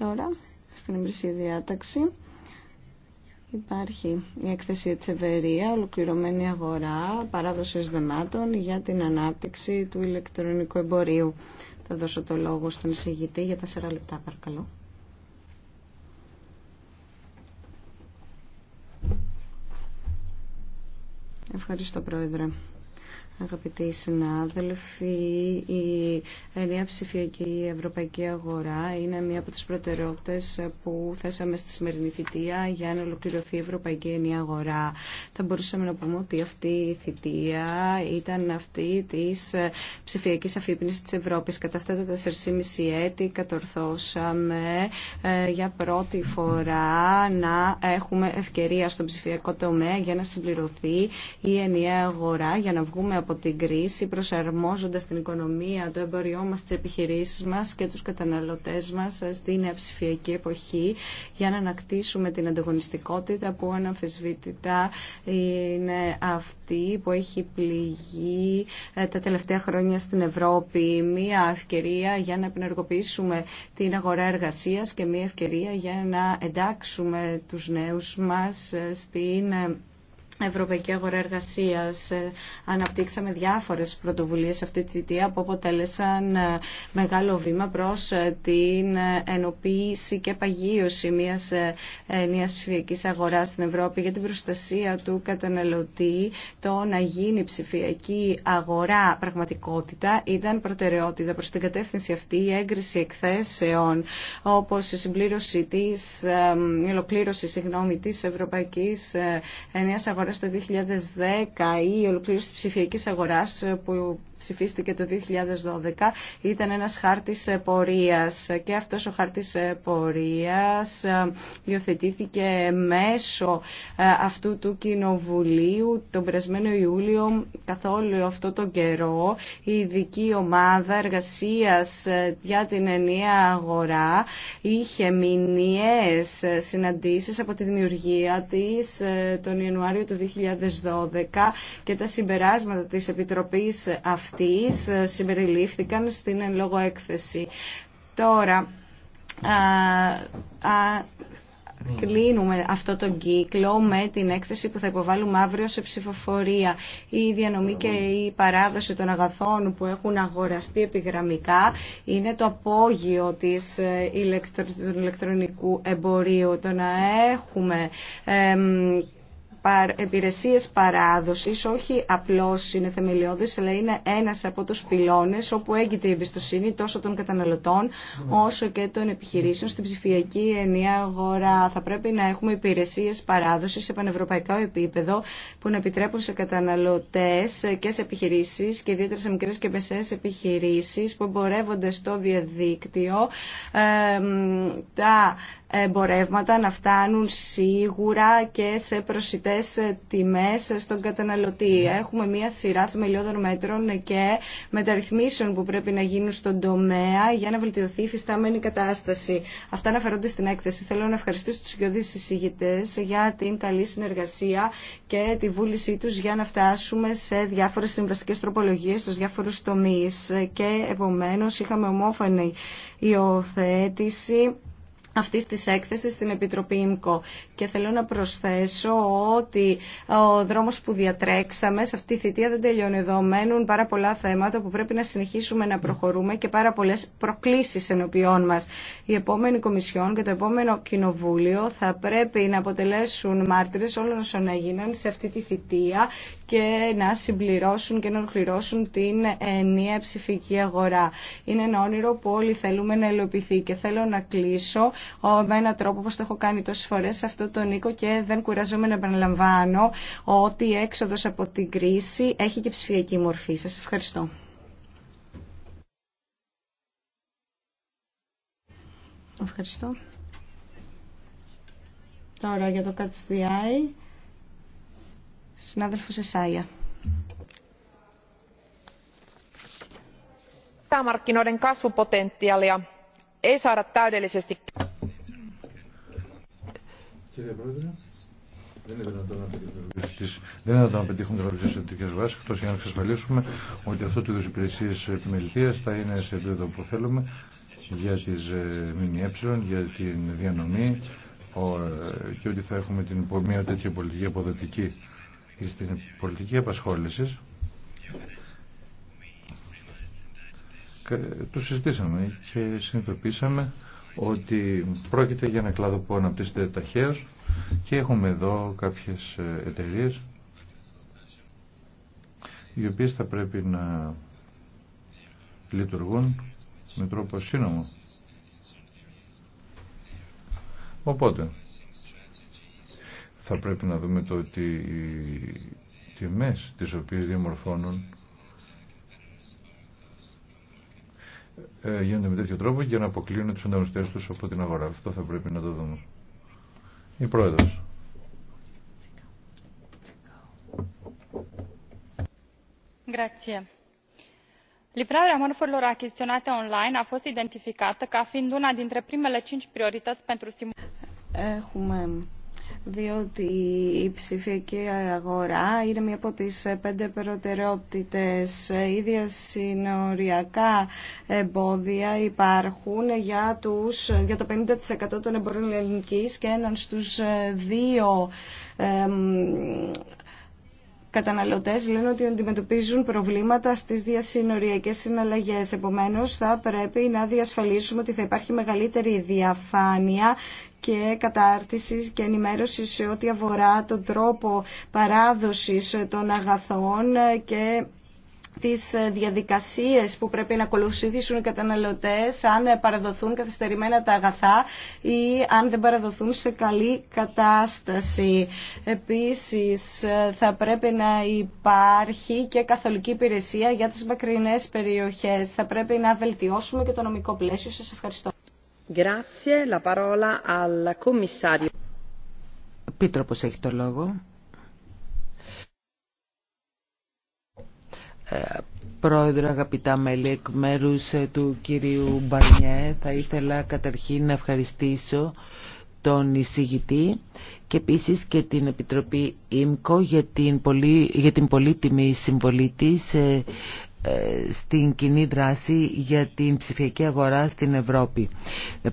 Τώρα, στην εμπρισή διάταξη, υπάρχει η έκθεση Ετσεβερία, ολοκληρωμένη αγορά, παράδοσης δεμάτων για την ανάπτυξη του ηλεκτρονικού εμπορίου. Θα δώσω το λόγο στον εισηγητή για 4 λεπτά, παρακαλώ. Ευχαριστώ, Πρόεδρε. Αγαπητοί συνάδελφοι, η ενιαία ψηφιακή ευρωπαϊκή αγορά είναι μία από τις προτεραιότητες που θέσαμε στη σημερινή θητεία για να ολοκληρωθεί η ευρωπαϊκή ενιαία αγορά. Θα μπορούσαμε να πούμε ότι αυτή η θητεία ήταν αυτή της ψηφιακής αφύπνισης της Ευρώπης. Κατά αυτά τα 4,5 έτη κατορθώσαμε ε, για πρώτη φορά να έχουμε ευκαιρία στον ψηφιακό τομέα για να συμπληρωθεί η ενιαία αγορά, για να βγούμε βγούμε από την κρίση προσαρμόζοντας την οικονομία, το εμποριό μας, τις επιχειρήσεις μας και τους καταναλωτές μας στην ψηφιακή εποχή για να ανακτήσουμε την ανταγωνιστικότητα που αναμφισβήτητα είναι αυτή που έχει πληγεί ε, τα τελευταία χρόνια στην Ευρώπη. Μία ευκαιρία για να επενεργοποιήσουμε την αγορά εργασίας και μία ευκαιρία για να εντάξουμε τους νέους μας ε, στην ε, Ευρωπαϊκή Αγορά Εργασίας. Ε, αναπτύξαμε διάφορες πρωτοβουλίες αυτή τη θητεία που αποτέλεσαν ε, μεγάλο βήμα προς ε, την ενοποίηση και παγίωση μιας νέας ψηφιακής αγοράς στην Ευρώπη για την προστασία του καταναλωτή. Το να γίνει ψηφιακή αγορά πραγματικότητα ήταν προτεραιότητα. Προς την κατεύθυνση αυτή η έγκριση εκθέσεων όπως η συμπλήρωση της, η ολοκλήρωση συγγνώμη, Ευρωπαϊκής στο το 2010 η ολοκλήρωση τη ψηφιακή αγοράς ε, που ψηφίστηκε το 2012 ήταν ένας χάρτης ε, πορείας και αυτός ο χάρτης ε, πορείας ε, υιοθετήθηκε μέσω αυτού του Κοινοβουλίου τον περασμένο Ιούλιο καθόλου αυτό τον καιρό η ειδική ομάδα εργασίας για την ενιαία αγορά είχε μηνιαίες συναντήσεις από τη δημιουργία της τον Ιανουάριο του 2012 και τα συμπεράσματα της Επιτροπής αυτή αυτής ε, συμπεριλήφθηκαν στην εν λόγω έκθεση. Τώρα, κλείνουμε αυτό το κύκλο με την έκθεση που θα υποβάλουμε αύριο σε ψηφοφορία. Η διανομή και η παράδοση των αγαθών που έχουν αγοραστεί επιγραμμικά είναι το απόγειο της ε, του ηλεκτρονικού εμπορίου. Το να έχουμε υπηρεσίες παράδοσης όχι απλώς είναι θεμελιώδες αλλά είναι ένας από τους πυλώνες όπου έγκυται η εμπιστοσύνη τόσο των καταναλωτών όσο και των επιχειρήσεων στην ψηφιακή ενιαία αγορά. Θα πρέπει να έχουμε υπηρεσίες παράδοσης σε πανευρωπαϊκό επίπεδο που να επιτρέπουν σε καταναλωτές και σε επιχειρήσεις και ιδιαίτερα σε μικρές και μεσαίες επιχειρήσεις που εμπορεύονται στο διαδίκτυο τα εμπορεύματα να φτάνουν σίγουρα και σε προσιτές τιμές στον καταναλωτή. Έχουμε μία σειρά θεμελιώδων μέτρων και μεταρρυθμίσεων που πρέπει να γίνουν στον τομέα για να βελτιωθεί η φυστάμενη κατάσταση. Αυτά αναφέρονται στην έκθεση. Θέλω να ευχαριστήσω τους δυο συζητητές για την καλή συνεργασία και τη βούλησή τους για να φτάσουμε σε διάφορες συμβαστικές τροπολογίες στους διάφορους τομείς. Και επομένως είχαμε ομόφωνη υιοθέτηση αυτή τη έκθεση στην Επιτροπή ΙΜΚΟ. Και θέλω να προσθέσω ότι ο δρόμο που διατρέξαμε σε αυτή τη θητεία δεν τελειώνει εδώ. Μένουν πάρα πολλά θέματα που πρέπει να συνεχίσουμε να προχωρούμε και πάρα πολλέ προκλήσει ενωπιών μα. Η επόμενη Κομισιόν και το επόμενο Κοινοβούλιο θα πρέπει να αποτελέσουν μάρτυρε όλων όσων έγιναν σε αυτή τη θητεία και να συμπληρώσουν και να ολοκληρώσουν την ενία ψηφική αγορά. Είναι ένα όνειρο που όλοι θέλουμε να ελοπιθεί και θέλω να κλείσω με έναν τρόπο όπω το έχω κάνει τόσες φορέ σε αυτό το οίκο και δεν κουραζόμαι να επαναλαμβάνω ότι η έξοδο από την κρίση έχει και ψηφιακή μορφή. σα. ευχαριστώ. Ευχαριστώ. Τώρα για το ΚΑΤΣΔΙ, συνάδελφος Εσάια. Sisämarkkinoiden kasvupotentiaalia κύριε Πρόεδρε. Δεν είναι δυνατόν να πετύχουμε την παρουσία βάσει εκτό για να εξασφαλίσουμε ότι αυτό το είδου υπηρεσίε επιμελητία θα είναι σε επίπεδο που θέλουμε για τι ε, ΜΜΕ, για την διανομή και ότι θα έχουμε την, μια τέτοια πολιτική αποδοτική στην πολιτική απασχόληση. Το συζητήσαμε και συνειδητοποίησαμε ότι πρόκειται για ένα κλάδο που αναπτύσσεται ταχαίως και έχουμε εδώ κάποιες ε, εταιρείε οι οποίες θα πρέπει να λειτουργούν με τρόπο σύνομο. Οπότε, θα πρέπει να δούμε το ότι οι τιμές τις οποίες διαμορφώνουν ε, γίνονται με τέτοιο τρόπο για να αποκλείουν τους ανταγωνιστές τους από την αγορά. Αυτό θα πρέπει να το δούμε. Η Πρόεδρος. Grazie. Livrarea mărfurilor achiziționate online a fost identificată ca fiind una dintre primele cinci priorități pentru stimularea διότι η ψηφιακή αγορά είναι μία από τις πέντε προτεραιότητες. Ίδια συνοριακά εμπόδια υπάρχουν για, τους, για το 50% των εμπορών ελληνικής και έναν στους δύο εμ, καταναλωτές λένε ότι αντιμετωπίζουν προβλήματα στις διασυνοριακές συναλλαγές. Επομένως, θα πρέπει να διασφαλίσουμε ότι θα υπάρχει μεγαλύτερη διαφάνεια και κατάρτισης και ενημέρωση σε ό,τι αφορά τον τρόπο παράδοσης των αγαθών και τις διαδικασίες που πρέπει να ακολουθήσουν οι καταναλωτές αν παραδοθούν καθυστερημένα τα αγαθά ή αν δεν παραδοθούν σε καλή κατάσταση. Επίσης θα πρέπει να υπάρχει και καθολική υπηρεσία για τις μακρινές περιοχές. Θα πρέπει να βελτιώσουμε και το νομικό πλαίσιο. Σας ευχαριστώ. Ευχαριστώ. Η έχει το λόγο. Ε, πρόεδρε, αγαπητά μέλη, εκ μέρου ε, του κυρίου Μπαρνιέ, θα ήθελα καταρχήν να ευχαριστήσω τον εισηγητή και επίσης και την Επιτροπή ΙΜΚΟ για την, για την πολύτιμη συμβολή της ε, ε, στην κοινή δράση για την ψηφιακή αγορά στην Ευρώπη.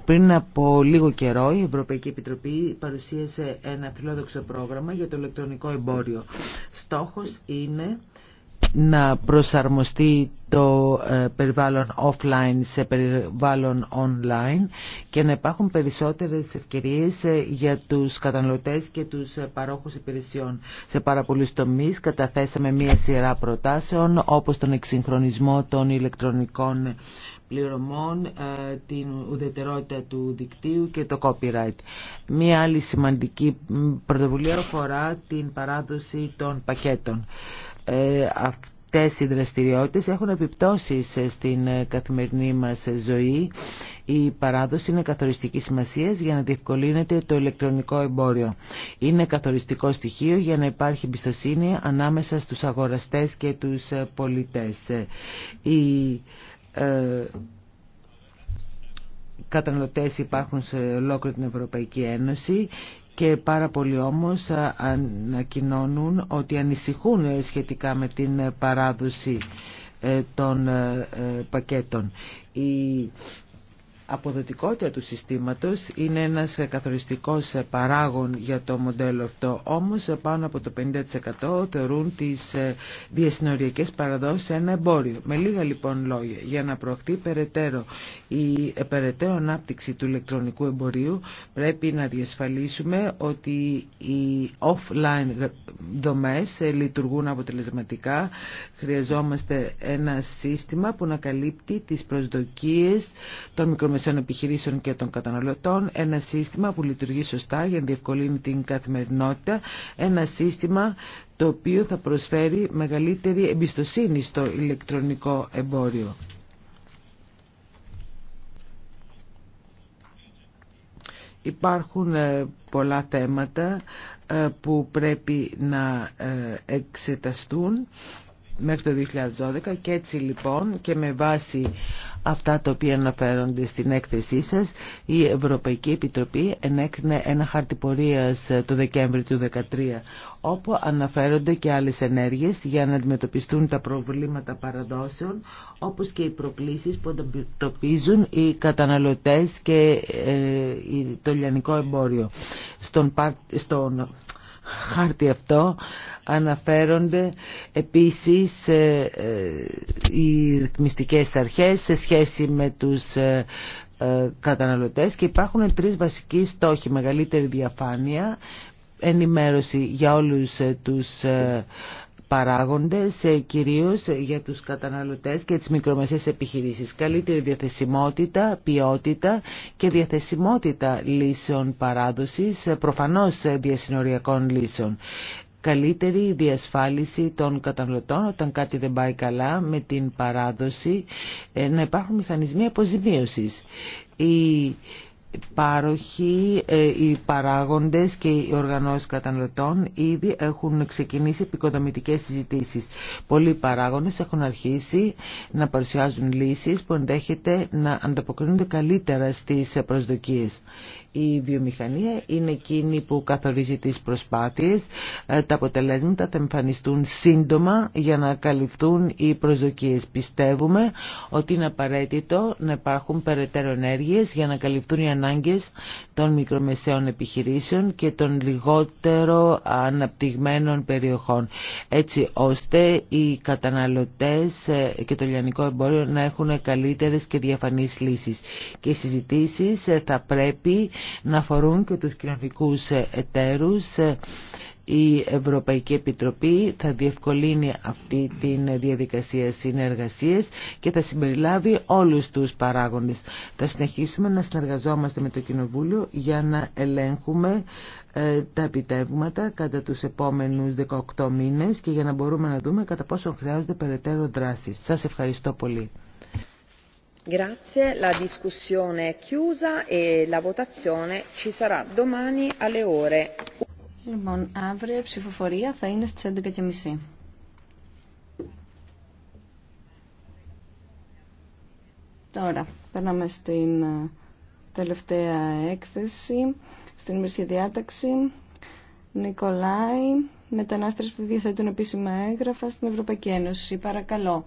Πριν από λίγο καιρό η Ευρωπαϊκή Επιτροπή παρουσίασε ένα φιλόδοξο πρόγραμμα για το ηλεκτρονικό εμπόριο. Στόχος είναι να προσαρμοστεί το ε, περιβάλλον offline σε περιβάλλον online και να υπάρχουν περισσότερες ευκαιρίες ε, για τους καταναλωτές και τους ε, παρόχους υπηρεσιών. Σε πάρα πολλούς τομείς καταθέσαμε μία σειρά προτάσεων όπως τον εξυγχρονισμό των ηλεκτρονικών πληρωμών, την ουδετερότητα του δικτύου και το copyright. Μία άλλη σημαντική πρωτοβουλία αφορά την παράδοση των πακέτων αυτές οι δραστηριότητες έχουν επιπτώσεις στην ε, καθημερινή μας ζωή. Η παράδοση είναι καθοριστική σημασία για να διευκολύνεται το ηλεκτρονικό εμπόριο. Είναι καθοριστικό στοιχείο για να υπάρχει εμπιστοσύνη ανάμεσα στους αγοραστές και τους ε, πολιτές. Ε, καταναλωτές υπάρχουν σε ολόκληρη την Ευρωπαϊκή Ένωση και πάρα πολλοί όμως ανακοινώνουν ότι ανησυχούν σχετικά με την παράδοση ε, των ε, ε, πακέτων αποδοτικότητα του συστήματος είναι ένας καθοριστικός παράγων για το μοντέλο αυτό. Όμως πάνω από το 50% θεωρούν τις ε, διασυνοριακές παραδόσεις ένα εμπόριο. Με λίγα λοιπόν λόγια, για να προωθεί περαιτέρω η ε, περαιτέρω ανάπτυξη του ηλεκτρονικού εμπορίου πρέπει να διασφαλίσουμε ότι οι offline δομές ε, λειτουργούν αποτελεσματικά. Χρειαζόμαστε ένα σύστημα που να καλύπτει τις προσδοκίες των των επιχειρήσεων και των καταναλωτών, ένα σύστημα που λειτουργεί σωστά για να διευκολύνει την καθημερινότητα, ένα σύστημα το οποίο θα προσφέρει μεγαλύτερη εμπιστοσύνη στο ηλεκτρονικό εμπόριο. Υπάρχουν ε, πολλά θέματα ε, που πρέπει να ε, εξεταστούν μέχρι το 2012 και έτσι λοιπόν και με βάση αυτά τα οποία αναφέρονται στην έκθεσή σας. Η Ευρωπαϊκή Επιτροπή ενέκρινε ένα χαρτιπορίας το Δεκέμβρη του 2013 όπου αναφέρονται και άλλες ενέργειες για να αντιμετωπιστούν τα προβλήματα παραδόσεων όπως και οι προκλήσεις που αντιμετωπίζουν οι καταναλωτές και ε, το λιανικό εμπόριο. Στον, στον χάρτη αυτό αναφέρονται επίσης ε, ε, οι ρυθμιστικές αρχές σε σχέση με τους ε, καταναλωτές και υπάρχουν τρεις βασικοί στόχοι. Μεγαλύτερη διαφάνεια, ενημέρωση για όλους τους παράγοντες ε, κυρίως για τους καταναλωτές και τις μικρομεσαίες επιχειρήσεις. Καλύτερη διαθεσιμότητα, ποιότητα και διαθεσιμότητα λύσεων παράδοσης, ε, προφανώς ε, διασυνοριακών λύσεων καλύτερη διασφάλιση των καταναλωτών όταν κάτι δεν πάει καλά με την παράδοση να υπάρχουν μηχανισμοί αποζημίωσης. Η πάροχοι, ε, οι παράγοντες και οι οργανώσεις καταναλωτών ήδη έχουν ξεκινήσει επικοδομητικές συζητήσεις. Πολλοί παράγοντες έχουν αρχίσει να παρουσιάζουν λύσεις που ενδέχεται να ανταποκρίνονται καλύτερα στις προσδοκίες η βιομηχανία είναι εκείνη που καθορίζει τις προσπάθειες. Ε, τα αποτελέσματα θα εμφανιστούν σύντομα για να καλυφθούν οι προσδοκίες. Πιστεύουμε ότι είναι απαραίτητο να υπάρχουν περαιτέρω ενέργειες για να καλυφθούν οι ανάγκες των μικρομεσαίων επιχειρήσεων και των λιγότερο αναπτυγμένων περιοχών. Έτσι ώστε οι καταναλωτές ε, και το λιανικό εμπόριο να έχουν καλύτερες και διαφανείς λύσεις. Και οι συζητήσεις ε, θα πρέπει να αφορούν και τους κοινωνικούς εταίρους. Η Ευρωπαϊκή Επιτροπή θα διευκολύνει αυτή τη διαδικασία συνεργασίας και θα συμπεριλάβει όλους τους παράγοντες. Θα συνεχίσουμε να συνεργαζόμαστε με το Κοινοβούλιο για να ελέγχουμε ε, τα επιτεύγματα κατά τους επόμενους 18 μήνες και για να μπορούμε να δούμε κατά πόσο χρειάζονται περαιτέρω δράσεις. Σας ευχαριστώ πολύ grazie la discussione è chiusa e la votazione ci sarà domani alle ore. Λοιπόν, αύριο η ψηφοφορία θα είναι στις 11.30. Τώρα, περνάμε στην ε, τελευταία έκθεση, στην ημερήσια διάταξη. Νικολάη, μετανάστες που διαθέτουν επίσημα έγγραφα στην Ευρωπαϊκή Ένωση. Παρακαλώ.